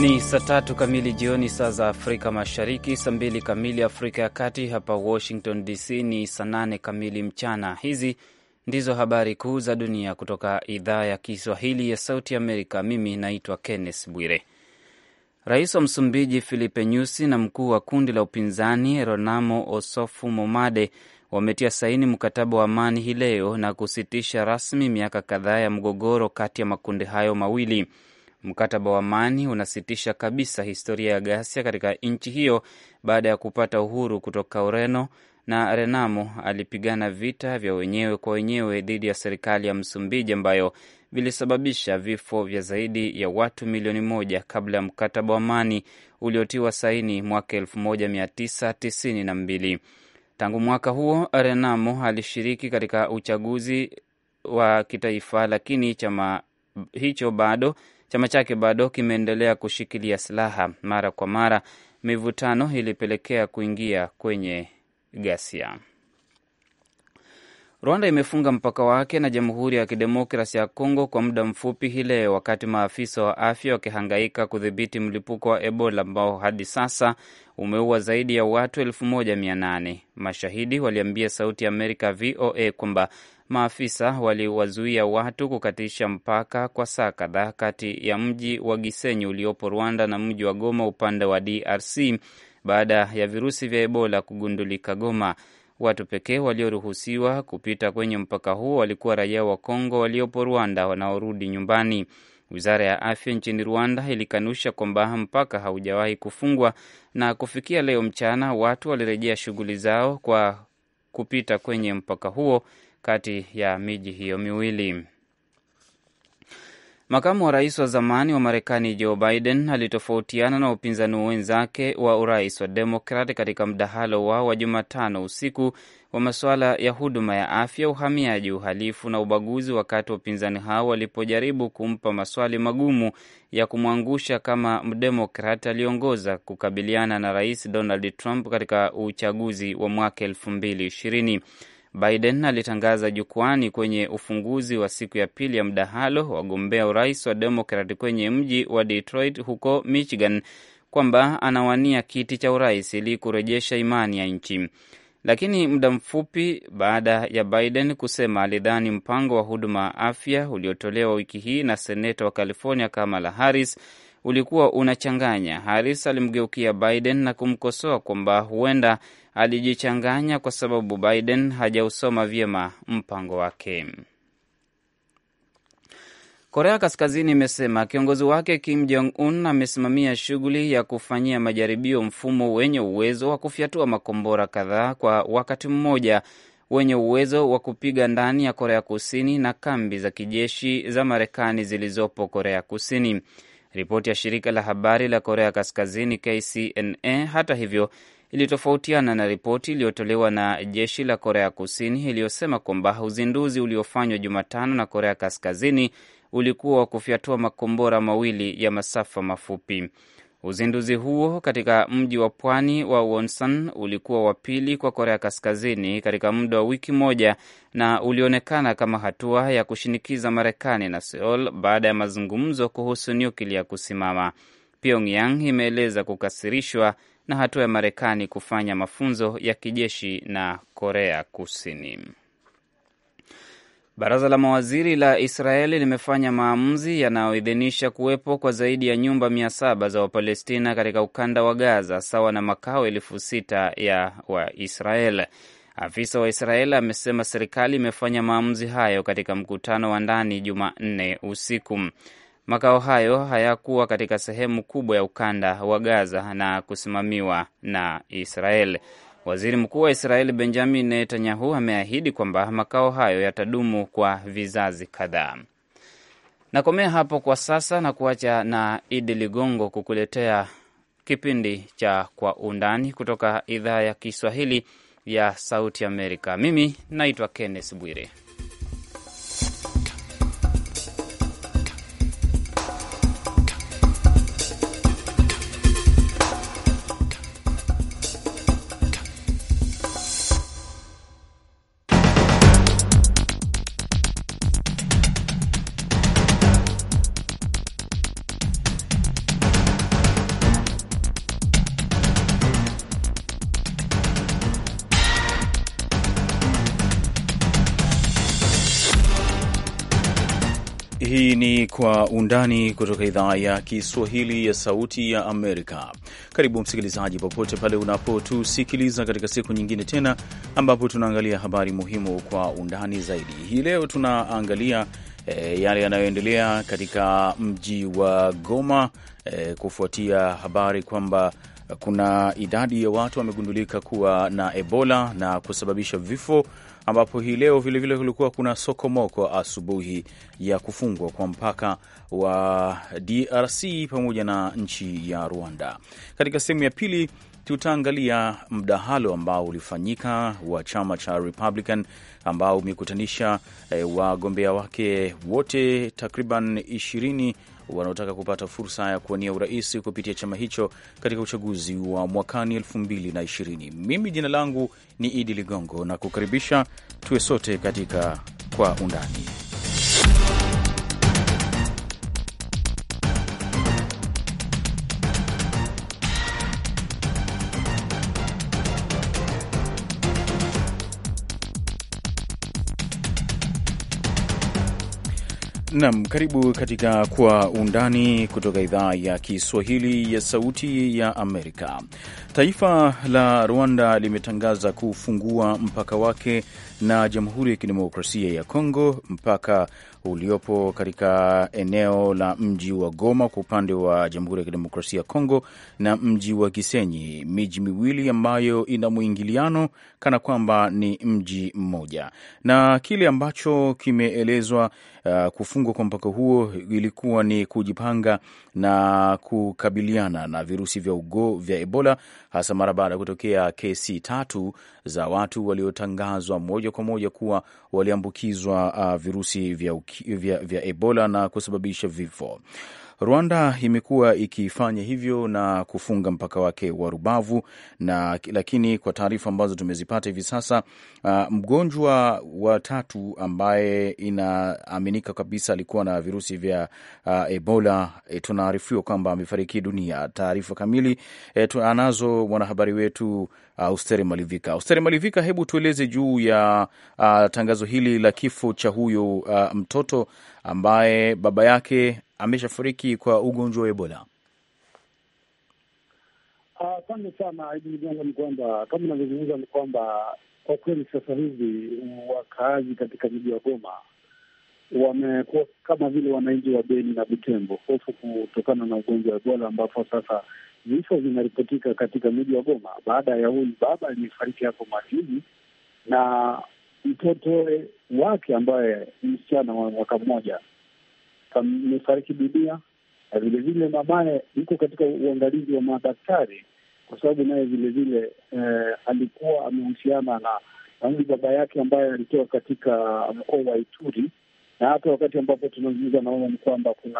Ni saa tatu kamili jioni, saa za Afrika Mashariki, saa mbili kamili Afrika ya Kati. Hapa Washington DC ni saa nane kamili mchana. Hizi ndizo habari kuu za dunia kutoka idhaa ya Kiswahili ya Sauti Amerika. Mimi naitwa Kenneth Bwire. Rais wa Msumbiji Filipe Nyusi na mkuu wa kundi la upinzani Ronamo Osofu Momade wametia saini mkataba wa amani hii leo na kusitisha rasmi miaka kadhaa ya mgogoro kati ya makundi hayo mawili. Mkataba wa amani unasitisha kabisa historia ya ghasia katika nchi hiyo baada ya kupata uhuru kutoka Ureno, na Renamo alipigana vita vya wenyewe kwa wenyewe dhidi ya serikali ya Msumbiji ambayo vilisababisha vifo vya zaidi ya watu milioni moja kabla ya mkataba wa amani uliotiwa saini mwaka 1992. Tangu mwaka huo Renamo alishiriki katika uchaguzi wa kitaifa, lakini chama hicho bado Chama chake bado kimeendelea kushikilia silaha. Mara kwa mara mivutano ilipelekea kuingia kwenye ghasia. Rwanda imefunga mpaka wake na Jamhuri ya Kidemokrasi ya Kongo kwa muda mfupi hii leo, wakati maafisa wa afya wakihangaika kudhibiti mlipuko wa Ebola ambao hadi sasa umeua zaidi ya watu elfu moja mia nane. Mashahidi waliambia Sauti ya Amerika VOA kwamba Maafisa waliwazuia watu kukatisha mpaka kwa saa kadhaa kati ya mji wa Gisenyi uliopo Rwanda na mji wa Goma upande wa DRC baada ya virusi vya Ebola kugundulika Goma. Watu pekee walioruhusiwa kupita kwenye mpaka huo walikuwa raia wa Kongo waliopo Rwanda wanaorudi nyumbani. Wizara ya afya nchini Rwanda ilikanusha kwamba mpaka haujawahi kufungwa, na kufikia leo mchana watu walirejea shughuli zao kwa kupita kwenye mpaka huo kati ya miji hiyo miwili. Makamu wa rais wa zamani wa Marekani Joe Biden alitofautiana na upinzani wenzake wa urais wa Demokrat katika mdahalo wao wa Jumatano usiku wa masuala ya huduma ya afya, uhamiaji, uhalifu na ubaguzi, wakati wapinzani hao walipojaribu kumpa maswali magumu ya kumwangusha kama mdemokrat aliongoza kukabiliana na rais Donald Trump katika uchaguzi wa mwaka elfu mbili ishirini. Biden alitangaza jukwani kwenye ufunguzi wa siku ya pili ya mdahalo wagombea urais wa Demokrat kwenye mji wa Detroit huko Michigan kwamba anawania kiti cha urais ili kurejesha imani ya nchi. Lakini muda mfupi baada ya Biden kusema alidhani mpango wa huduma ya afya uliotolewa wiki hii na seneta wa California Kamala Harris ulikuwa unachanganya. Harris alimgeukia Biden na kumkosoa kwamba huenda alijichanganya kwa sababu Biden hajausoma vyema mpango wake. Korea Kaskazini imesema kiongozi wake Kim Jong Un amesimamia shughuli ya kufanyia majaribio mfumo wenye uwezo wa kufyatua makombora kadhaa kwa wakati mmoja wenye uwezo wa kupiga ndani ya Korea Kusini na kambi za kijeshi za Marekani zilizopo Korea Kusini. Ripoti ya shirika la habari la Korea Kaskazini KCNA hata hivyo ilitofautiana na ripoti iliyotolewa na jeshi la Korea Kusini iliyosema kwamba uzinduzi uliofanywa Jumatano na Korea Kaskazini ulikuwa wa kufyatua makombora mawili ya masafa mafupi. Uzinduzi huo katika mji wa pwani wa Wonsan ulikuwa wa pili kwa Korea Kaskazini katika muda wa wiki moja na ulionekana kama hatua ya kushinikiza Marekani na Seoul baada ya mazungumzo kuhusu nyuklia kusimama. Pyongyang imeeleza kukasirishwa na hatua ya Marekani kufanya mafunzo ya kijeshi na Korea Kusini. Baraza la mawaziri la Israeli limefanya maamuzi yanayoidhinisha kuwepo kwa zaidi ya nyumba mia saba za Wapalestina katika ukanda wa Gaza, sawa na makao elfu sita ya Waisrael. Afisa wa Israel amesema serikali imefanya maamuzi hayo katika mkutano wa ndani Jumanne usiku. Makao hayo hayakuwa katika sehemu kubwa ya ukanda wa Gaza na kusimamiwa na Israel. Waziri Mkuu wa Israeli Benjamin Netanyahu ameahidi kwamba makao hayo yatadumu kwa vizazi kadhaa. Nakomea hapo kwa sasa na kuacha na Idi Ligongo kukuletea kipindi cha Kwa Undani kutoka idhaa ya Kiswahili ya Sauti Amerika. Mimi naitwa Kenneth Bwire. undani kutoka idhaa ya Kiswahili ya Sauti ya Amerika. Karibu msikilizaji, popote pale unapotusikiliza katika siku nyingine tena, ambapo tunaangalia habari muhimu kwa undani zaidi. Hii leo tunaangalia e, yale yanayoendelea katika mji wa Goma e, kufuatia habari kwamba kuna idadi ya watu wamegundulika kuwa na Ebola na kusababisha vifo, ambapo hii leo vilevile kulikuwa kuna sokomoko asubuhi ya kufungwa kwa mpaka wa DRC pamoja na nchi ya Rwanda. Katika sehemu ya pili tutaangalia mdahalo ambao ulifanyika wa chama cha Republican ambao umekutanisha e, wagombea wake wote takriban ishirini wanaotaka kupata fursa ya kuwania urais kupitia chama hicho katika uchaguzi wa mwakani 2020. Mimi jina langu ni Idi Ligongo na kukaribisha tuwe sote katika Kwa Undani. Nam, karibu katika Kwa Undani kutoka idhaa ya Kiswahili ya Sauti ya Amerika. Taifa la Rwanda limetangaza kufungua mpaka wake na Jamhuri ya Kidemokrasia ya Kongo, mpaka uliopo katika eneo la mji wa Goma kwa upande wa Jamhuri ya Kidemokrasia ya Kongo na mji wa Kisenyi, miji miwili ambayo ina mwingiliano kana kwamba ni mji mmoja. Na kile ambacho kimeelezwa uh, kufungwa kwa mpaka huo ilikuwa ni kujipanga na kukabiliana na virusi vya ugo, vya Ebola hasa mara baada ya kutokea kesi tatu za watu waliotangazwa moja kwa moja kuwa waliambukizwa uh, virusi vya, vya, vya Ebola na kusababisha vifo. Rwanda imekuwa ikifanya hivyo na kufunga mpaka wake wa Rubavu na, lakini kwa taarifa ambazo tumezipata hivi sasa uh, mgonjwa wa tatu ambaye inaaminika kabisa alikuwa na virusi vya uh, Ebola e, tunaarifiwa kwamba amefariki dunia. Taarifa kamili e, anazo mwanahabari wetu ah, Austere uh, Malivika. Austeri Malivika, hebu tueleze juu ya uh, tangazo hili la kifo cha huyo uh, mtoto ambaye baba yake ameshafariki kwa ugonjwa wa Ebola? Asante uh, sana Idi Ligongo. Ni kwamba kama unavyozungumza ni kwamba kwa kweli sasa hivi wakaazi katika mji wa Goma wamekuwa kama vile wananchi wa Beni na Butembo, hofu kutokana na ugonjwa wa Ebola, ambapo sasa vifo vinaripotika katika mji wa Goma baada ya huyu baba aliyefariki hapo majuzi na mtoto wake ambaye msichana wa mwaka mmoja amefariki dunia, na vilevile mamaye yuko katika uangalizi wa madaktari, kwa sababu naye vilevile eh, alikuwa amehusiana na na baba yake ambaye alitoka katika uh, mkoa wa Ituri, na hata wakati ambapo tunazungumza, naona ni kwamba kuna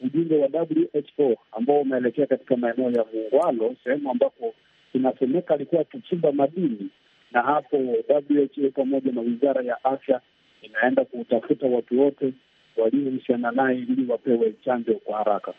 ujumbe wa WHO ambao umeelekea katika maeneo ya Muungwalo, sehemu ambapo inasemeka alikuwa akichimba madini, na hapo WHO pamoja na wizara ya afya inaenda kutafuta watu wote waliohusiana naye ili wapewe chanjo kwa haraka.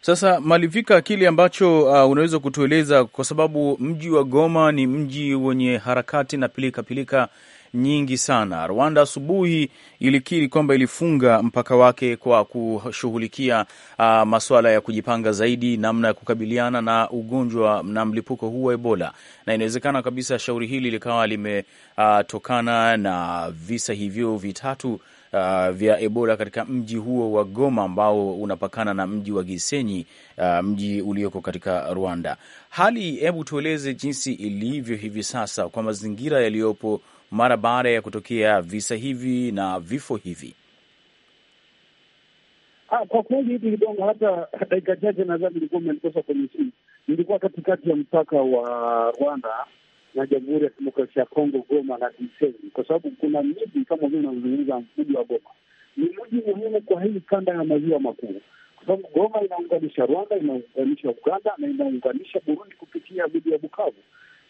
Sasa Malivika, kile ambacho uh, unaweza kutueleza, kwa sababu mji wa Goma ni mji wenye harakati na pilikapilika pilika nyingi sana. Rwanda asubuhi ilikiri kwamba ilifunga mpaka wake kwa kushughulikia uh, masuala ya kujipanga zaidi namna ya kukabiliana na ugonjwa na mlipuko huu wa Ebola, na inawezekana kabisa shauri hili likawa limetokana uh, na visa hivyo vitatu uh, vya Ebola katika mji huo wa Goma ambao unapakana na mji wa Gisenyi, uh, mji ulioko katika Rwanda. Hali, hebu tueleze jinsi ilivyo hivi sasa kwa mazingira yaliyopo mara baada ya kutokea visa hivi na vifo hivi. Ah, kwa kweli hivi Ligongo, hata dakika chache nadhani ilikuwa umenikosa kwenye simu. Nilikuwa katikati ya mpaka wa Rwanda na Jamhuri ya Kidemokrasia ya Kongo, Goma na Kiseni, kwa sababu kuna miji kama vile unazungumza, mji wa Goma ni mji muhimu kwa hii kanda ya maziwa makuu, kwa sababu Goma inaunganisha Rwanda, inaunganisha Uganda na inaunganisha Burundi kupitia mji ya Bukavu.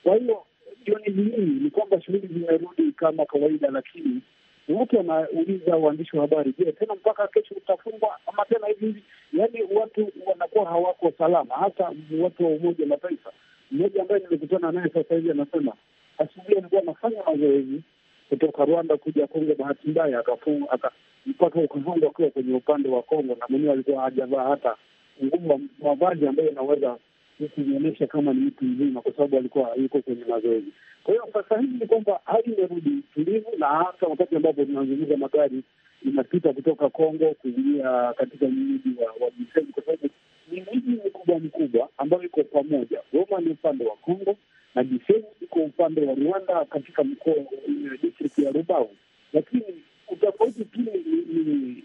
Kwa hiyo jioni hii ni kwamba shughuli zimerudi kama kawaida, lakini watu wanauliza waandishi wa habari, je, tena mpaka kesho utafungwa ama tena hivi hivi? Yaani watu wanakuwa hawako salama, hasa watu wa Umoja Mataifa mmoja ambaye nimekutana naye sasa hivi anasema asubuhi alikuwa anafanya mazoezi kutoka Rwanda kuja Kongo, bahati mbaya mpaka ukuzungu akiwa kwenye upande wa Kongo, na mwenyewe alikuwa hajavaa hata ngumu mavazi ambayo inaweza kuonyesha kama ni mtu mzima, kwa sababu alikuwa yuko kwenye mazoezi. Kwa hiyo sasa hivi ni kwamba hali imerudi tulivu, na hasa wakati ambapo tunazungumza magari inapita kutoka Kongo kuingia katika mji wa Biseni, kwa sababu ni miji mikubwa mkubwa ambayo iko pamoja. Goma ni upande wa Kongo na Gisenyi iko upande wa Rwanda, katika mkoa district ya Rubavu. Lakini utofauti pia ni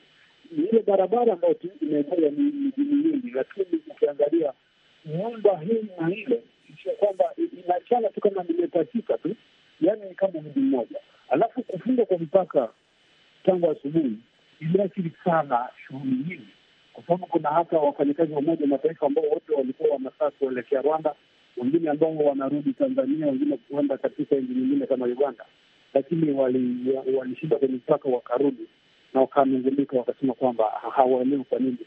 ile barabara ambayo tu inaenea mijini lakini ukiangalia nyumba hii na ile sio kwamba inachana tu kama sita tu, yani ni kama mji mmoja. Alafu kufungwa kwa mpaka tangu asubuhi imeathiri sana shughuli nyingi kwa sababu kuna hata wafanyakazi wa Umoja wa Mataifa ambao wote walikuwa wanafaa kuelekea Rwanda, wengine ambao wanarudi Tanzania, wengine kuenda katika nchi nyingine kama Uganda, lakini walishinda kwenye mpaka wakarudi na wakanungulika, wakasema kwamba hawaelewi kwa nini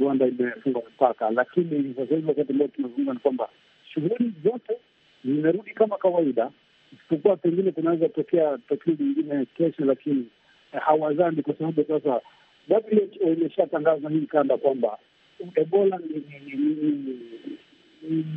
Rwanda imefunga mpaka. Lakini sasa hivi wakati ambao tunazungumza ni kwamba shughuli zote zimerudi kama kawaida, isipokuwa pengine kunaweza tokea tukio lingine kesho, lakini hawazani kwa sababu sasa WHO imeshatangaza hii kanda kwamba Ebola ni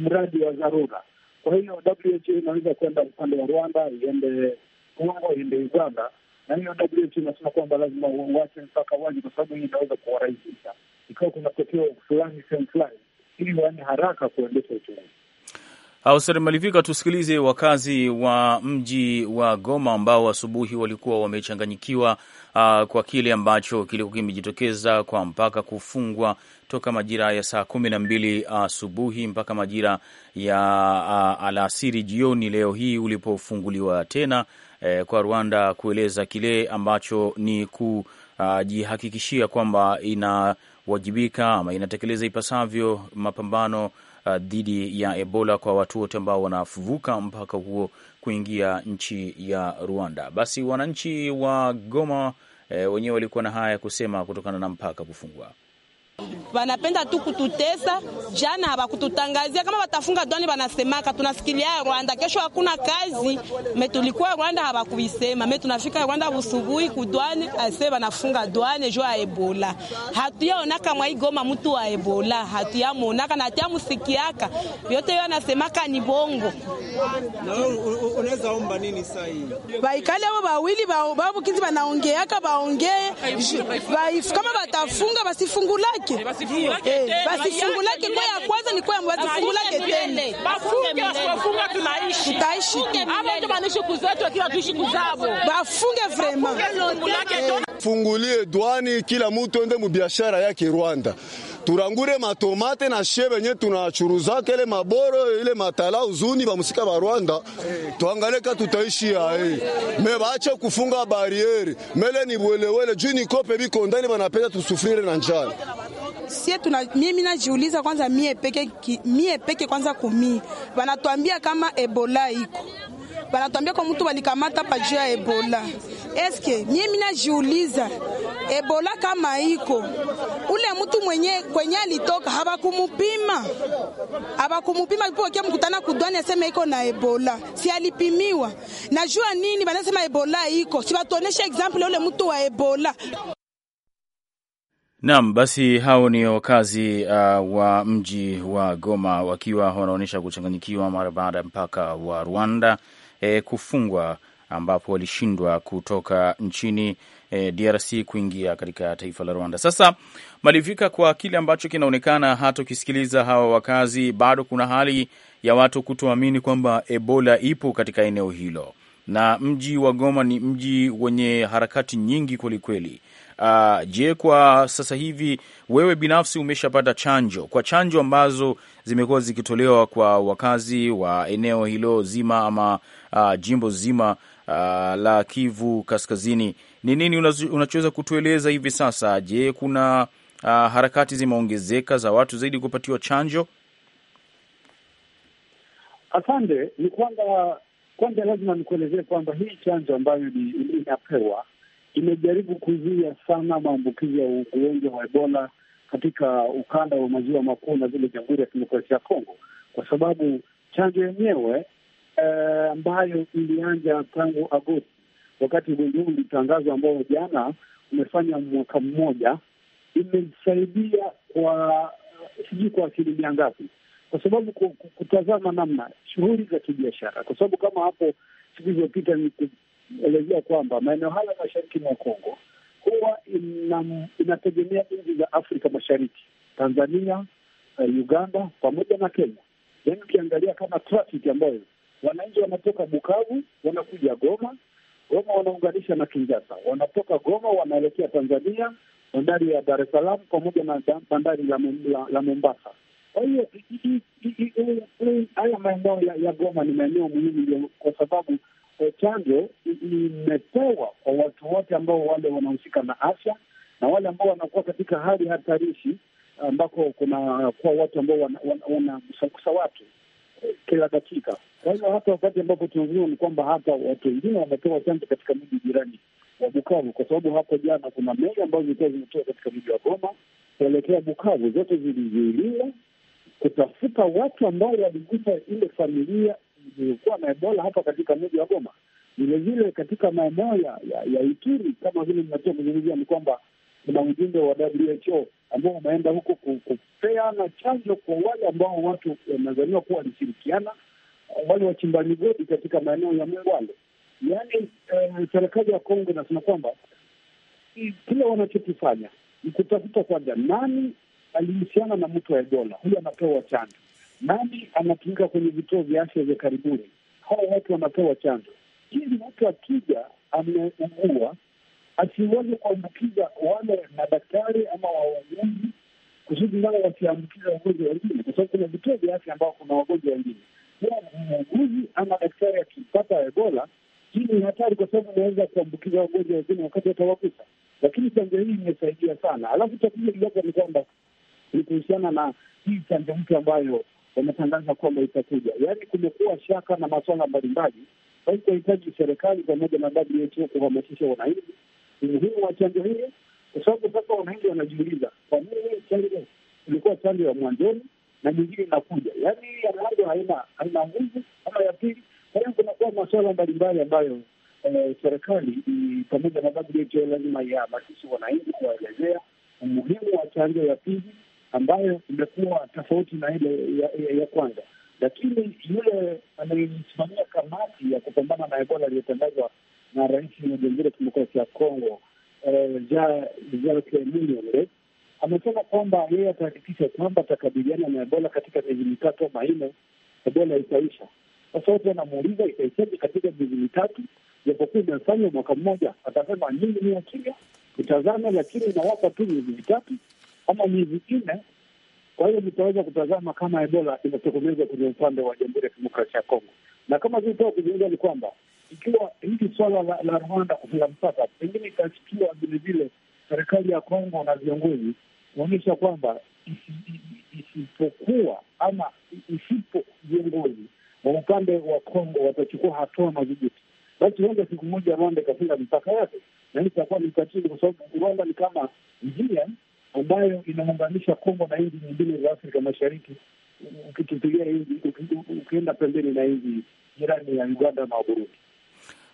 mradi wa dharura. Kwa hiyo WHO inaweza kwenda upande wa Rwanda, iende Kongo, iende Uganda, na hiyo WHO inasema kwamba lazima wache mpaka waji, kwa sababu hii inaweza kuwarahisisha ikiwa kuna tokeo fulani sehemu fulani, ili waende haraka kuendesha uchunguzi. Auseri Malivika, tusikilize wakazi wa mji wa Goma ambao asubuhi walikuwa wamechanganyikiwa uh, kwa kile ambacho kilikuwa kimejitokeza kwa mpaka kufungwa toka majira ya saa kumi na mbili asubuhi uh, mpaka majira ya uh, alasiri jioni leo hii ulipofunguliwa tena eh, kwa Rwanda kueleza kile ambacho ni kujihakikishia uh, kwamba inawajibika ama inatekeleza ipasavyo mapambano Uh, dhidi ya Ebola kwa watu wote ambao wanavuka mpaka huo kuingia nchi ya Rwanda. Basi wananchi wa Goma eh, wenyewe walikuwa na haya ya kusema kutokana na mpaka kufungwa. Wanapenda tu kututesa. Jana hawakututangazia kama watafunga dwani, wanasemaka tunasikilia Rwanda, kesho hakuna kazi. Metulikuwa Rwanda hawakuisema, me, tunafika Rwanda usubuhi kudwani, ase wanafunga dwani jo ya Ebola. Hatuyaonaka mwaigoma mtu wa Ebola, hatuyamonaka na hatuyamusikiaka, yote yo anasemaka ni bongo. Unaweza omba nini sahi? Baikale abo bawili babukizi banaongeaka, baongee kama batafunga basifungulaki yake, basi fungu lake kwa ya kwanza ni kwa mwazi, fungu lake tutaishi bafunge vraiment, eh. fungulie dwani kila mtu ende mu biashara yake Rwanda turangure matomate na shie benye tunachuruzaka kele maboro ile matala uzuni ba musika ba Rwanda ka tutaishi ae eh. me bache kufunga barieri mele ni bwelewele juu ni kope bikondani banapenda tusufrire na njala sie tuna, mimi najiuliza kwanza, mie peke, mie peke kwanza kumi wanatuambia kama ebola iko wanatuambia kwa mtu walikamata pajuu ya ebola. Eske mie minajiuliza ebola kama iko ule mtu mwenye kwenye alitoka habakumupima, habakumupima ipoke mkutana kudwani aseme iko na ebola, si alipimiwa? Najua nini wanasema ebola iko, si watuoneshe example ule mtu wa ebola. Naam, basi hao ni wakazi uh, wa mji wa Goma wakiwa wanaonyesha kuchanganyikiwa mara baada ya mpaka wa Rwanda e, kufungwa ambapo walishindwa kutoka nchini e, eh, DRC kuingia katika taifa la Rwanda. Sasa malivika kwa kile ambacho kinaonekana, hata ukisikiliza hawa wakazi, bado kuna hali ya watu kutoamini kwamba Ebola ipo katika eneo hilo, na mji wa Goma ni mji wenye harakati nyingi kwelikweli. Uh, je, kwa sasa hivi wewe binafsi umeshapata chanjo? Kwa chanjo ambazo zimekuwa zikitolewa kwa wakazi wa eneo hilo zima ama uh, jimbo zima uh, la Kivu Kaskazini, ni nini unachoweza kutueleza hivi sasa? Je, kuna uh, harakati zimeongezeka za watu zaidi kupatiwa chanjo? Asante. Ni kwanza kwanza lazima nikuelezee kwamba hii chanjo ambayo ni inapewa imejaribu kuzuia sana maambukizi ya ugonjwa wa Ebola katika ukanda wa maziwa makuu na vile Jamhuri ya Kidemokrasia ya Kongo, kwa sababu chanjo yenyewe eh, ambayo e, ilianja tangu Agosti wakati ugonjwa huu ulitangazwa, ambao jana umefanya mwaka mmoja, imesaidia kwa sijui kwa asilimia ngapi, kwa sababu kutazama namna shughuli za kibiashara, kwa sababu kama hapo siku ilizopita kuelezea kwamba maeneo hayo ya mashariki mwa Kongo huwa inategemea nchi za Afrika Mashariki, Tanzania, eh, Uganda pamoja na Kenya. Yaani ukiangalia kama traffic ambayo wananchi wanatoka Bukavu wanakuja Goma, Goma wanaunganisha na Kinshasa, wanatoka Goma wanaelekea Tanzania, bandari ya Dar es Salaam pamoja na bandari la Mombasa. Kwa hiyo haya maeneo ya Goma ni maeneo muhimu, kwa sababu Eh, chanjo imepewa kwa watu wote ambao wale wanahusika na afya na wale ambao wanakuwa katika hali hatarishi, ambako kuna kuwa watu ambao wanagusagusa watu eh, kila dakika. Kwa hivyo hata wakati ambapo tunazungumza ni kwamba hata watu wengine wamepewa chanjo katika miji jirani wa Bukavu, kwa sababu hapo jana kuna meli ambazo zilikuwa zimetoka katika mji wa Goma kuelekea Bukavu, zote zilizuiliwa kutafuta watu ambao waligusa ile familia zilikuwa ebola hapa katika mji wa Goma, vilevile katika maeneo ya, ya, ya Ituri kama vile nimetoa kuzungumzia, ni kwamba kuna ujumbe wa WHO ambao wameenda huko kupeana chanjo kwa wale ambao watu wanadhaniwa kuwa walishirikiana, wale wachimba migodi katika maeneo ya Mungwale. Yaani eh, serikali ya Kongo inasema kwamba kile wanachokifanya ni kutafuta kwanza nani alihusiana na mtu wa Ebola, huyo anapewa chanjo nani anatumika kwenye vituo vya afya vya karibuni. hawa watu wanapewa chanjo ili mtu akija ameugua asiweze kuambukiza wale madaktari ama wauguzi, kusudi nao wasiambukiza wagonjwa wengine, kwa sababu kuna vituo vya afya ambao kuna wagonjwa wengine. Huwa muuguzi ama daktari akipata Ebola, hii ni hatari, kwa sababu unaweza kuambukiza wagonjwa wengine wakati atawagusa Lakini chanjo hii imesaidia sana. Alafu tatizo iliyopo ni kwamba ni kuhusiana na hii chanjo mpya ambayo wametangaza kwamba itakuja. Yaani kumekuwa shaka na maswala mbalimbali, basi tunahitaji serikali pamoja na WHO kuhamasisha wananchi umuhimu wa chanjo hii kwa sababu sasa wananchi wanajiuliza kwa nini chanjo ilikuwa chanjo ya mwanzoni na nyingine inakuja, yaani ya mwanzo haina haina nguvu ama ya pili. Kwa hiyo kunakuwa maswala mbalimbali ambayo eh, serikali pamoja na WHO lazima ihamasishe wananchi kuwaelezea umuhimu wa chanjo ya pili ambayo imekuwa tofauti na ile ya, ya, ya kwanza. Lakini yule anayesimamia kamati ya kupambana na Ebola aliyotangazwa na rais wa Jamhuri ya Kidemokrasia ya Kongo eh, amesema kwamba yeye atahakikisha kwamba atakabiliana na Ebola katika miezi mitatu ama nne, Ebola itaisha. Sasa wote wanamuuliza itaishaje katika miezi mitatu, japokuwa imefanywa mwaka mmoja? Atasema nyinyi ni wakimya, itazame, lakini nawapa tu miezi mitatu ama miezi nne. Kwa hiyo nitaweza kutazama kama Ebola imetokomezwa kwenye upande wa Jamhuri ya Kidemokrasia ya Kongo, na kama zilitoa kuzungumza ni kwamba ikiwa hili swala la, la Rwanda kufunga mpaka pengine itashtua vilevile serikali ya Kongo na viongozi kuonyesha kwamba isipokuwa ama isipo viongozi wa upande wa Kongo watachukua hatua madhubuti, basi huenda siku moja Rwanda ikafunga mipaka yake, na hii itakuwa ni ukatili, kwa sababu Rwanda ni kama ambayo inaunganisha Kongo na nchi nyingine za Afrika Mashariki, ukitupigia ukienda pembeni na nchi jirani ya Uganda na Burundi.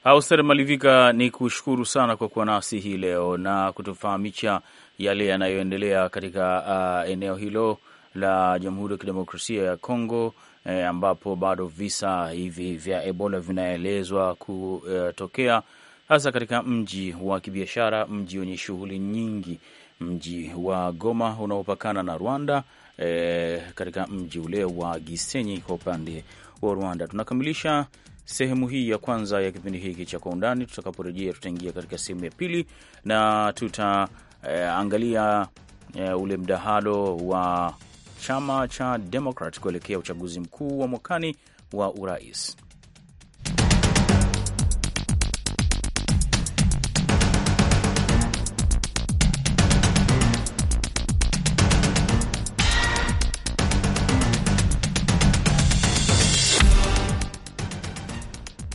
Auster Malivika, ni kushukuru sana kwa kuwa nasi hii leo na kutufahamisha yale yanayoendelea katika uh, eneo hilo la Jamhuri ya Kidemokrasia ya Kongo eh, ambapo bado visa hivi vya Ebola vinaelezwa kutokea hasa katika mji wa kibiashara, mji wenye shughuli nyingi mji wa Goma unaopakana na Rwanda, e, katika mji ule wa Gisenyi kwa upande wa Rwanda. Tunakamilisha sehemu hii ya kwanza ya kipindi hiki cha Kwa Undani. Tutakaporejea tutaingia katika sehemu ya pili na tutaangalia e, e, ule mdahalo wa chama cha Demokrat kuelekea uchaguzi mkuu wa mwakani wa urais.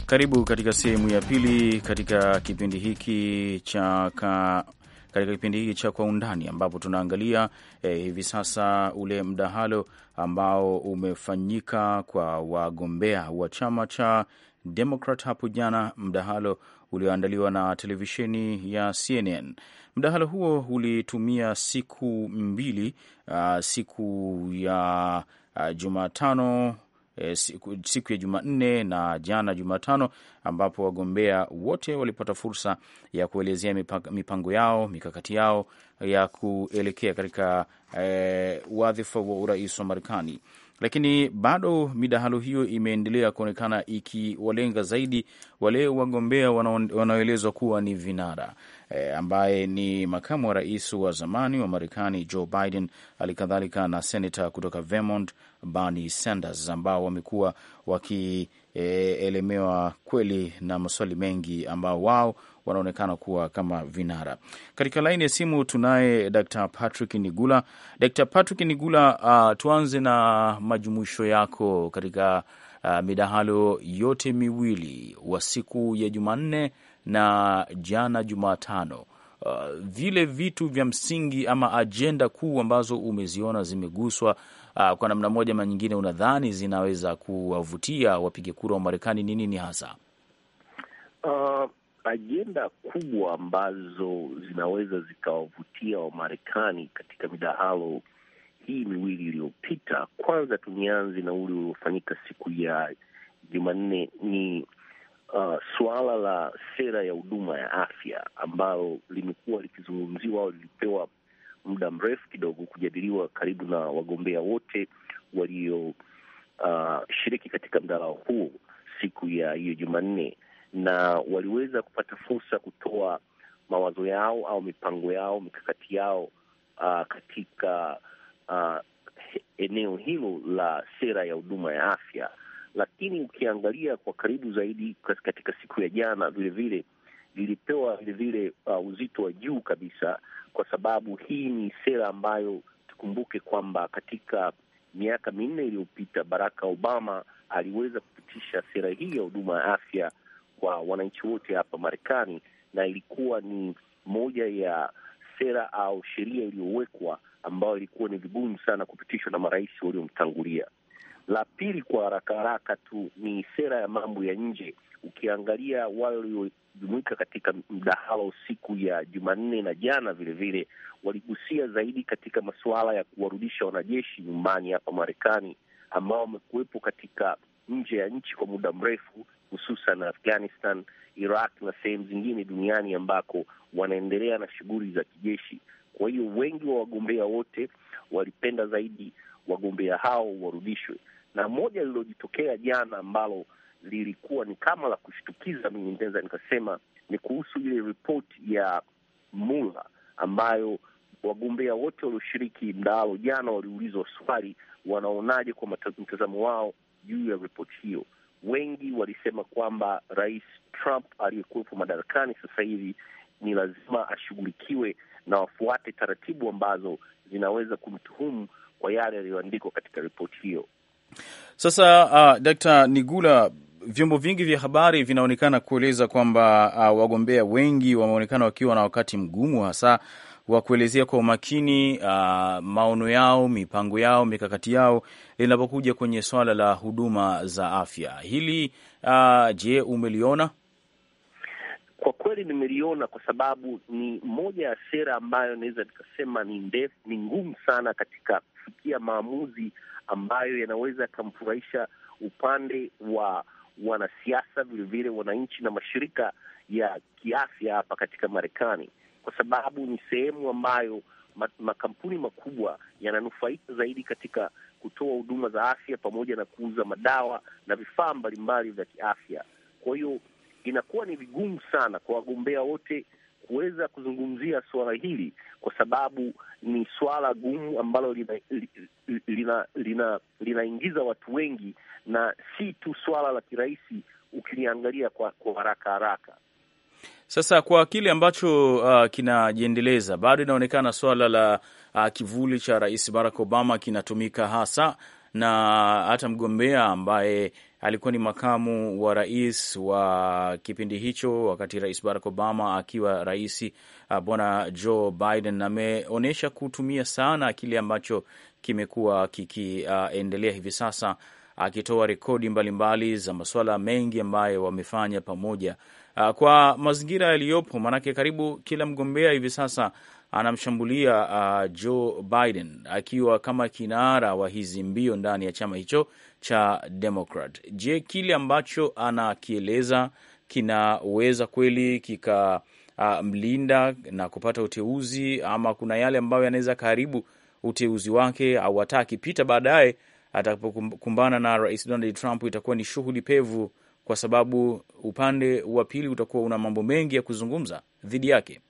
Karibu katika sehemu ya pili katika kipindi hiki cha ka katika kipindi hiki cha Kwa Undani ambapo tunaangalia eh, hivi sasa ule mdahalo ambao umefanyika kwa wagombea wa chama cha Democrat hapo jana, mdahalo ulioandaliwa na televisheni ya CNN. Mdahalo huo ulitumia siku mbili, uh, siku ya uh, Jumatano e, siku, siku ya Jumanne na jana Jumatano, ambapo wagombea wote walipata fursa ya kuelezea mipango yao, mikakati yao ya kuelekea katika e, wadhifa wa urais wa Marekani lakini bado midahalo hiyo imeendelea kuonekana ikiwalenga zaidi wale wagombea wanaoelezwa kuwa ni vinara e, ambaye ni makamu wa rais wa zamani wa Marekani Joe Biden, halikadhalika na senata kutoka Vermont Bernie Sanders ambao wamekuwa waki E, elemewa kweli na maswali mengi ambao wao wanaonekana kuwa kama vinara. Katika laini ya simu tunaye Dr. Patrick Nigula. Dr. Patrick Nigula, uh, tuanze na majumuisho yako katika uh, midahalo yote miwili wa siku ya Jumanne na jana Jumatano. Uh, vile vitu vya msingi ama ajenda kuu ambazo umeziona zimeguswa uh, kwa namna moja ama nyingine unadhani zinaweza kuwavutia wapiga kura wa Marekani ni nini hasa? Uh, ajenda kubwa ambazo zinaweza zikawavutia Wamarekani katika midahalo hii miwili iliyopita, kwanza tunianze na ule uliofanyika siku ya Jumanne ni uh, suala la sera ya huduma ya afya ambalo limekuwa likizungumziwa au lilipewa muda mrefu kidogo kujadiliwa karibu na wagombea wote walioshiriki uh, katika mdahalo huu siku ya hiyo Jumanne, na waliweza kupata fursa kutoa mawazo yao au mipango yao, mikakati yao uh, katika uh, eneo hilo la sera ya huduma ya afya. Lakini ukiangalia kwa karibu zaidi katika siku ya jana, vilevile lilipewa vilevile uh, uzito wa juu kabisa kwa sababu hii ni sera ambayo tukumbuke kwamba katika miaka minne iliyopita Barack Obama aliweza kupitisha sera hii ya huduma ya afya kwa wananchi wote hapa Marekani, na ilikuwa ni moja ya sera au sheria iliyowekwa ambayo ilikuwa ni vigumu sana kupitishwa na marais waliomtangulia. La pili, kwa haraka haraka tu, ni sera ya mambo ya nje ukiangalia wale waliojumuika katika mdahalo siku ya Jumanne na jana vilevile, waligusia zaidi katika masuala ya kuwarudisha wanajeshi nyumbani hapa Marekani ambao wamekuwepo katika nje ya nchi kwa muda mrefu, hususan Afghanistan, Iraq na sehemu zingine duniani ambako wanaendelea na shughuli za kijeshi. Kwa hiyo wengi wa wagombea wote walipenda zaidi wagombea hao warudishwe, na moja lililojitokea jana ambalo lilikuwa ni kama la kushtukiza, mimi nitaweza nikasema ni kuhusu ile ripoti ya Mula ambayo wagombea wote walioshiriki mdahalo jana waliulizwa swali, wanaonaje kwa mtazamo wao juu ya ripoti hiyo. Wengi walisema kwamba Rais Trump aliyekuwepo madarakani sasa hivi ni lazima ashughulikiwe na wafuate taratibu ambazo zinaweza kumtuhumu kwa yale yaliyoandikwa katika ripoti hiyo. Sasa uh, Dkt. Nigula vyombo vingi vya habari vinaonekana kueleza kwamba uh, wagombea wengi wameonekana wakiwa na wakati mgumu hasa wa kuelezea kwa umakini uh, maono yao, mipango yao, mikakati yao linapokuja kwenye swala la huduma za afya. Hili uh, je, umeliona? Kwa kweli nimeliona, kwa sababu ni moja ya sera ambayo naweza nikasema ni ndefu, ni ngumu sana katika kufikia maamuzi ambayo yanaweza yakamfurahisha upande wa wanasiasa, vilevile wananchi na mashirika ya kiafya hapa katika Marekani, kwa sababu ni sehemu ambayo makampuni makubwa yananufaika zaidi katika kutoa huduma za afya pamoja na kuuza madawa na vifaa mbalimbali vya kiafya. Kwa hiyo inakuwa ni vigumu sana kwa wagombea wote kuweza kuzungumzia suala hili kwa sababu ni suala gumu ambalo linaingiza lina, lina, lina watu wengi na si tu swala la kirahisi ukiliangalia kwa, kwa haraka haraka. Sasa kwa kile ambacho uh, kinajiendeleza bado inaonekana swala la uh, kivuli cha Rais Barack Obama kinatumika hasa na hata mgombea ambaye alikuwa ni makamu wa rais wa kipindi hicho wakati Rais Barack Obama akiwa rais, uh, bwana Joe Biden ameonyesha kutumia sana kile ambacho kimekuwa kikiendelea uh, hivi sasa akitoa rekodi mbalimbali za masuala mengi ambayo wamefanya pamoja ah, kwa mazingira yaliyopo, maanake karibu kila mgombea hivi sasa anamshambulia uh, Joe Biden akiwa kama kinara wa hizi mbio ndani ya chama hicho cha Democrat. Je, kile ambacho anakieleza kinaweza kweli kikamlinda ah, uh, na kupata uteuzi ama kuna yale ambayo yanaweza karibu uteuzi wake au akipita baadaye atakapokumbana na Rais Donald Trump itakuwa ni shughuli pevu, kwa sababu upande wa pili utakuwa una mambo mengi ya kuzungumza dhidi yake.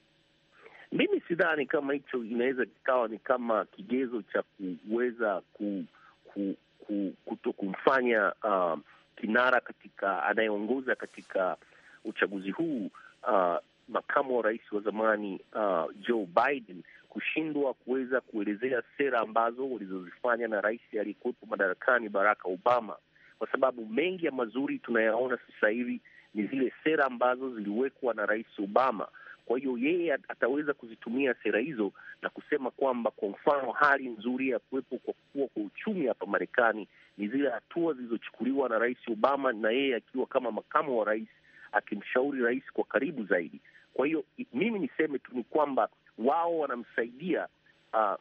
Mimi sidhani kama hicho inaweza kikawa ni kama kigezo cha kuweza ku, ku, ku, kuto kumfanya uh, kinara katika anayeongoza katika uchaguzi huu uh, makamu wa rais wa zamani uh, Joe Biden kushindwa kuweza kuelezea sera ambazo walizozifanya na rais aliyekuwepo madarakani Barack Obama, kwa sababu mengi ya mazuri tunayaona sasa hivi ni zile sera ambazo ziliwekwa na rais Obama. Kwa hiyo yeye ataweza kuzitumia sera hizo na kusema kwamba, kwa mfano, hali nzuri ya kuwepo kwa kukua kwa uchumi hapa Marekani ni zile hatua zilizochukuliwa na rais Obama, na yeye akiwa kama makamu wa rais akimshauri rais kwa karibu zaidi. Kwa hiyo mimi niseme tu ni kwamba wao wanamsaidia uh,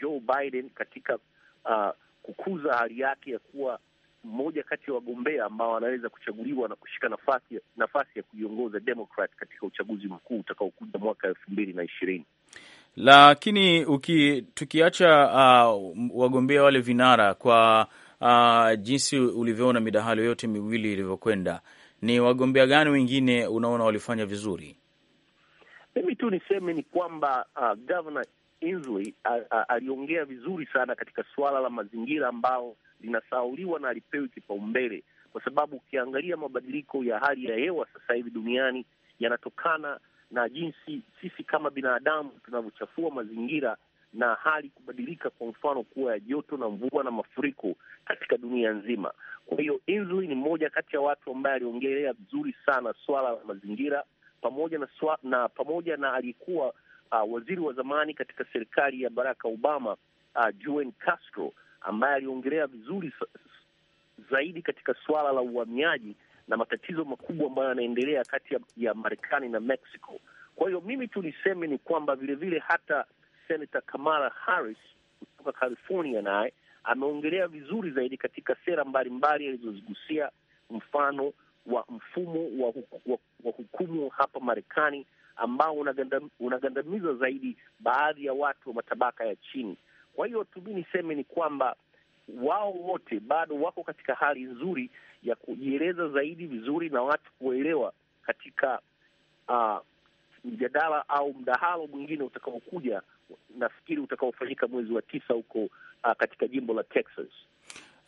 Joe Biden katika uh, kukuza hali yake ya kuwa mmoja kati ya wagombea ambao anaweza kuchaguliwa na kushika nafasi, nafasi ya kuiongoza Democrat katika uchaguzi mkuu utakaokuja mwaka elfu mbili na ishirini. Lakini uki, tukiacha uh, wagombea wale vinara kwa uh, jinsi ulivyoona midahalo yote miwili ilivyokwenda, ni wagombea gani wengine unaona walifanya vizuri? Mimi tu niseme ni kwamba uh, Governor Inslee aliongea vizuri sana katika suala la mazingira ambao linasauliwa na alipewi kipaumbele, kwa sababu ukiangalia mabadiliko ya hali ya hewa sasa hivi duniani yanatokana na jinsi sisi kama binadamu tunavyochafua mazingira na hali kubadilika, kwa mfano kuwa ya joto na mvua na mafuriko katika dunia nzima. Kwa hiyo Inslee ni mmoja kati ya watu ambaye aliongelea vizuri sana swala la mazingira pamoja na swa, na pamoja na aliyekuwa uh, waziri wa zamani katika serikali ya Barack Obama uh, Juan Castro ambaye aliongelea vizuri zaidi katika suala la uhamiaji na matatizo makubwa ambayo yanaendelea kati ya, ya Marekani na Mexico. Kwa hiyo mimi tu niseme ni kwamba vilevile hata Senator Kamala Harris kutoka California naye ameongelea vizuri zaidi katika sera mbalimbali alizozigusia, mfano wa mfumo wa, wa, wa hukumu hapa Marekani ambao unagandamiza zaidi baadhi ya watu wa matabaka ya chini. Kwa hiyo tumi niseme ni kwamba wao wote bado wako katika hali nzuri ya kujieleza zaidi vizuri na watu kuelewa katika uh, mjadala au mdahalo mwingine utakaokuja, nafikiri utakaofanyika mwezi wa tisa huko uh, katika jimbo la Texas.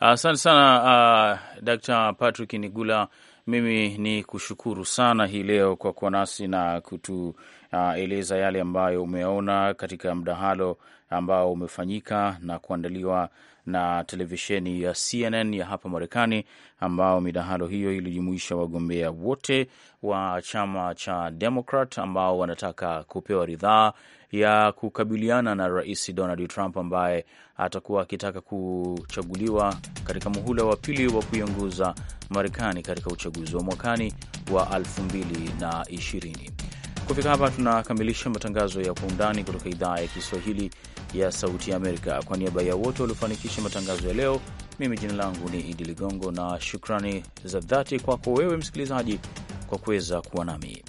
Asante uh, sana uh, Dr. Patrick Nigula mimi ni kushukuru sana hii leo kwa kuwa nasi na kutueleza uh, yale ambayo umeona katika mdahalo ambao umefanyika na kuandaliwa na televisheni ya CNN ya hapa Marekani, ambao midahalo hiyo ilijumuisha wagombea wote wa chama cha Democrat ambao wanataka kupewa ridhaa ya kukabiliana na Rais Donald Trump ambaye atakuwa akitaka kuchaguliwa katika muhula wa pili wa kuiongoza Marekani katika uchaguzi wa mwakani wa 2020. Kufika hapa tunakamilisha matangazo ya Kwa Undani kutoka idhaa ya Kiswahili ya Sauti ya Amerika. Kwa niaba ya wote waliofanikisha matangazo ya leo, mimi jina langu ni Idi Ligongo, na shukrani za dhati kwako wewe msikilizaji kwa kuweza kuwa nami.